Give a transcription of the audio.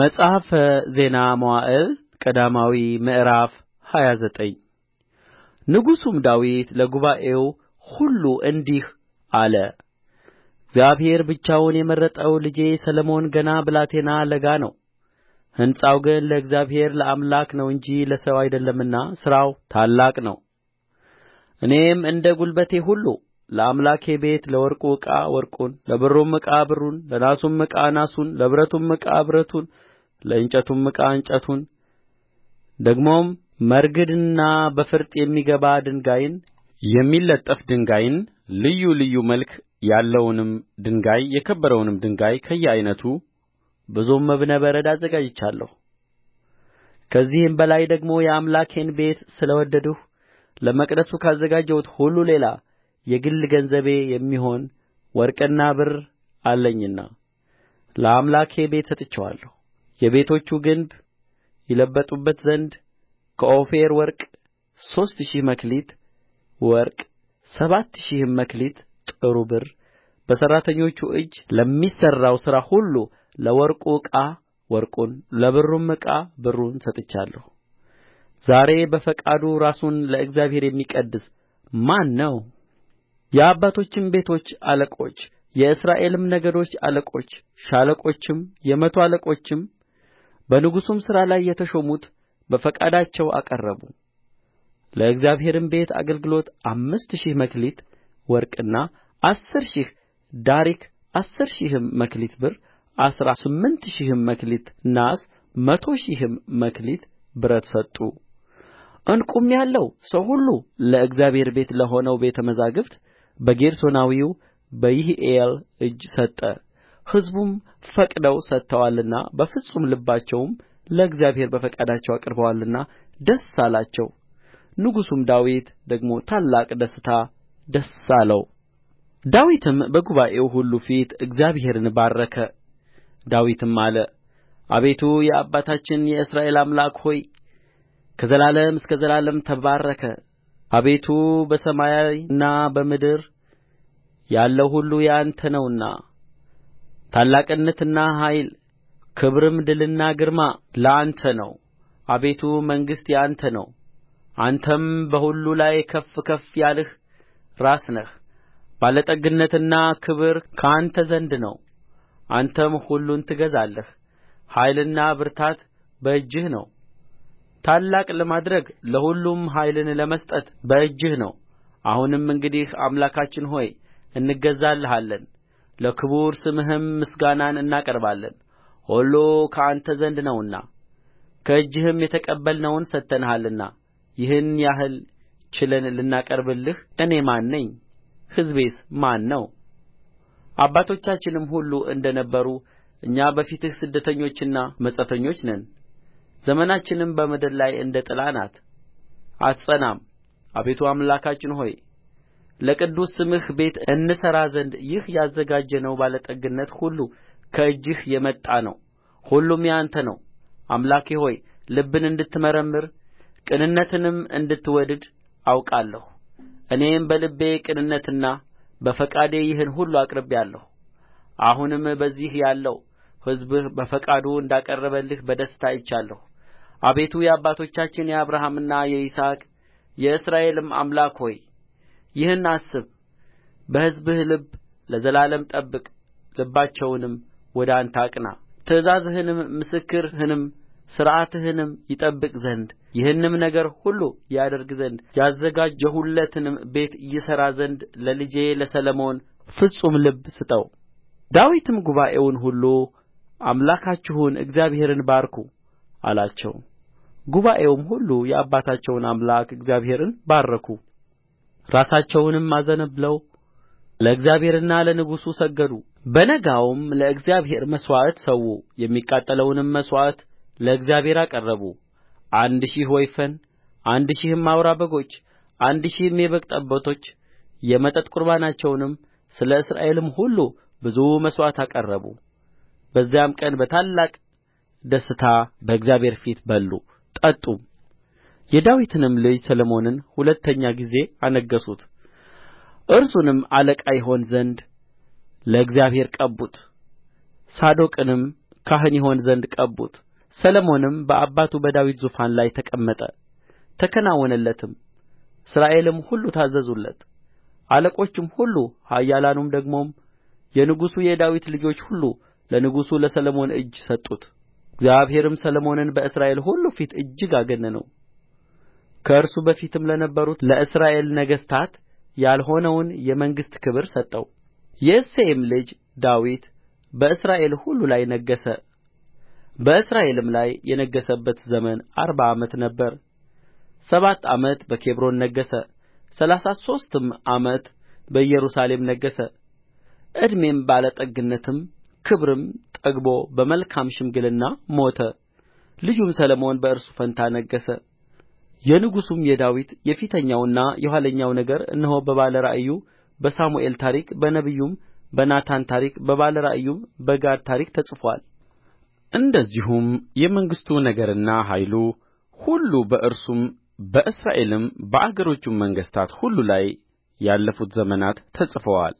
መጽሐፈ ዜና መዋዕል ቀዳማዊ ምዕራፍ ሃያ ዘጠኝ ንጉሡም ዳዊት ለጉባኤው ሁሉ እንዲህ አለ እግዚአብሔር ብቻውን የመረጠው ልጄ ሰሎሞን ገና ብላቴና ለጋ ነው ሕንጻው ግን ለእግዚአብሔር ለአምላክ ነው እንጂ ለሰው አይደለምና ሥራው ታላቅ ነው እኔም እንደ ጕልበቴ ሁሉ ለአምላኬ ቤት ለወርቁ ዕቃ ወርቁን ለብሩም ዕቃ ብሩን ለናሱም ዕቃ ናሱን ለብረቱም ዕቃ ብረቱን ለእንጨቱም ዕቃ እንጨቱን ደግሞም መረግድንና በፈርጥ የሚገባ ድንጋይን የሚለጠፍ ድንጋይን ልዩ ልዩ መልክ ያለውንም ድንጋይ የከበረውንም ድንጋይ ከየዓይነቱ ብዙም ዕብነ በረድ አዘጋጅቻለሁ ከዚህም በላይ ደግሞ የአምላኬን ቤት ስለ ወደድሁ ለመቅደሱ ካዘጋጀሁት ሁሉ ሌላ የግል ገንዘቤ የሚሆን ወርቅና ብር አለኝና ለአምላኬ ቤት ሰጥቼዋለሁ የቤቶቹ ግንብ ይለበጡበት ዘንድ ከኦፊር ወርቅ ሦስት ሺህ መክሊት ወርቅ ሰባት ሺህም መክሊት ጥሩ ብር በሠራተኞቹ እጅ ለሚሠራው ሥራ ሁሉ ለወርቁ ዕቃ ወርቁን ለብሩም ዕቃ ብሩን ሰጥቻለሁ ዛሬ በፈቃዱ ራሱን ለእግዚአብሔር የሚቀድስ ማን ነው የአባቶችም ቤቶች አለቆች የእስራኤልም ነገዶች አለቆች ሻለቆችም የመቶ አለቆችም በንጉሡም ሥራ ላይ የተሾሙት በፈቃዳቸው አቀረቡ ለእግዚአብሔርም ቤት አገልግሎት አምስት ሺህ መክሊት ወርቅና አሥር ሺህ ዳሪክ አሥር ሺህም መክሊት ብር አሥራ ስምንት ሺህም መክሊት ናስ መቶ ሺህም መክሊት ብረት ሰጡ ዕንቍም ያለው ሰው ሁሉ ለእግዚአብሔር ቤት ለሆነው ቤተ መዛግብት በጌድሶናዊው በይሒኤል እጅ ሰጠ ሕዝቡም ፈቅደው ሰጥተዋልና በፍጹም ልባቸውም ለእግዚአብሔር በፈቃዳቸው አቅርበዋልና ደስ አላቸው ንጉሡም ዳዊት ደግሞ ታላቅ ደስታ ደስ አለው ዳዊትም በጉባኤው ሁሉ ፊት እግዚአብሔርን ባረከ ዳዊትም አለ አቤቱ የአባታችን የእስራኤል አምላክ ሆይ ከዘላለም እስከ ዘላለም ተባረከ አቤቱ በሰማይና በምድር ያለው ሁሉ የአንተ ነውና ታላቅነትና ኃይል ክብርም ድልና ግርማ ለአንተ ነው አቤቱ መንግሥት የአንተ ነው አንተም በሁሉ ላይ ከፍ ከፍ ያልህ ራስ ነህ ባለጠግነትና ክብር ከአንተ ዘንድ ነው አንተም ሁሉን ትገዛለህ ኃይልና ብርታት በእጅህ ነው ታላቅ ለማድረግ ለሁሉም ኃይልን ለመስጠት በእጅህ ነው አሁንም እንግዲህ አምላካችን ሆይ እንገዛልሃለን ለክቡር ስምህም ምስጋናን እናቀርባለን ሁሉ ከአንተ ዘንድ ነውና ከእጅህም የተቀበልነውን ሰጥተንሃልና ይህን ያህል ችለን ልናቀርብልህ እኔ ማን ነኝ ሕዝቤስ ማን ነው አባቶቻችንም ሁሉ እንደ ነበሩ እኛ በፊትህ ስደተኞችና መጻተኞች ነን ዘመናችንም በምድር ላይ እንደ ጥላ ናት አትጸናም አቤቱ አምላካችን ሆይ ለቅዱስ ስምህ ቤት እንሠራ ዘንድ ይህ ያዘጋጀነው ባለጠግነት ሁሉ ከእጅህ የመጣ ነው ሁሉም የአንተ ነው አምላኬ ሆይ ልብን እንድትመረምር ቅንነትንም እንድትወድድ አውቃለሁ እኔም በልቤ ቅንነትና በፈቃዴ ይህን ሁሉ አቅርቤአለሁ አሁንም በዚህ ያለው ሕዝብህ በፈቃዱ እንዳቀረበልህ በደስታ አይቻለሁ አቤቱ የአባቶቻችን የአብርሃምና የይስሐቅ የእስራኤልም አምላክ ሆይ ይህን አስብ በሕዝብህ ልብ ለዘላለም ጠብቅ ልባቸውንም ወደ አንተ አቅና ትእዛዝህንም ምስክርህንም ሥርዓትህንም ይጠብቅ ዘንድ ይህንም ነገር ሁሉ ያደርግ ዘንድ ያዘጋጀሁለትንም ቤት ይሠራ ዘንድ ለልጄ ለሰሎሞን ፍጹም ልብ ስጠው። ዳዊትም ጉባኤውን ሁሉ አምላካችሁን እግዚአብሔርን ባርኩ አላቸው። ጉባኤውም ሁሉ የአባታቸውን አምላክ እግዚአብሔርን ባረኩ። ራሳቸውንም አዘንብለው ለእግዚአብሔርና ለንጉሡ ሰገዱ በነጋውም ለእግዚአብሔር መሥዋዕት ሠዉ የሚቃጠለውንም መሥዋዕት ለእግዚአብሔር አቀረቡ አንድ ሺህ ወይፈን አንድ ሺህም አውራ በጎች አንድ ሺህም የበግ ጠቦቶች የመጠጥ ቍርባናቸውንም ስለ እስራኤልም ሁሉ ብዙ መሥዋዕት አቀረቡ በዚያም ቀን በታላቅ ደስታ በእግዚአብሔር ፊት በሉ ጠጡም የዳዊትንም ልጅ ሰሎሞንን ሁለተኛ ጊዜ አነገሡት እርሱንም አለቃ ይሆን ዘንድ ለእግዚአብሔር ቀቡት ሳዶቅንም ካህን ይሆን ዘንድ ቀቡት ሰሎሞንም በአባቱ በዳዊት ዙፋን ላይ ተቀመጠ ተከናወነለትም እስራኤልም ሁሉ ታዘዙለት አለቆቹም ሁሉ ኃያላኑም ደግሞም የንጉሡ የዳዊት ልጆች ሁሉ ለንጉሡ ለሰሎሞን እጅ ሰጡት እግዚአብሔርም ሰሎሞንን በእስራኤል ሁሉ ፊት እጅግ አገነነው ከእርሱ በፊትም ለነበሩት ለእስራኤል ነገሥታት ያልሆነውን የመንግሥት ክብር ሰጠው የእሴይም ልጅ ዳዊት በእስራኤል ሁሉ ላይ ነገሠ በእስራኤልም ላይ የነገሠበት ዘመን አርባ ዓመት ነበረ ሰባት ዓመት በኬብሮን ነገሠ ሠላሳ ሦስትም ዓመት በኢየሩሳሌም ነገሠ ዕድሜም ባለጠግነትም ክብርም ጠግቦ በመልካም ሽምግልና ሞተ ልጁም ሰሎሞን በእርሱ ፋንታ ነገሠ የንጉሡም የዳዊት የፊተኛውና የኋለኛው ነገር እነሆ በባለ ራእዩ በሳሙኤል ታሪክ በነቢዩም በናታን ታሪክ በባለ ራእዩም በጋድ ታሪክ ተጽፎአል እንደዚሁም የመንግሥቱ ነገርና ኃይሉ ሁሉ በእርሱም በእስራኤልም በአገሮቹም መንግሥታት ሁሉ ላይ ያለፉት ዘመናት ተጽፈዋል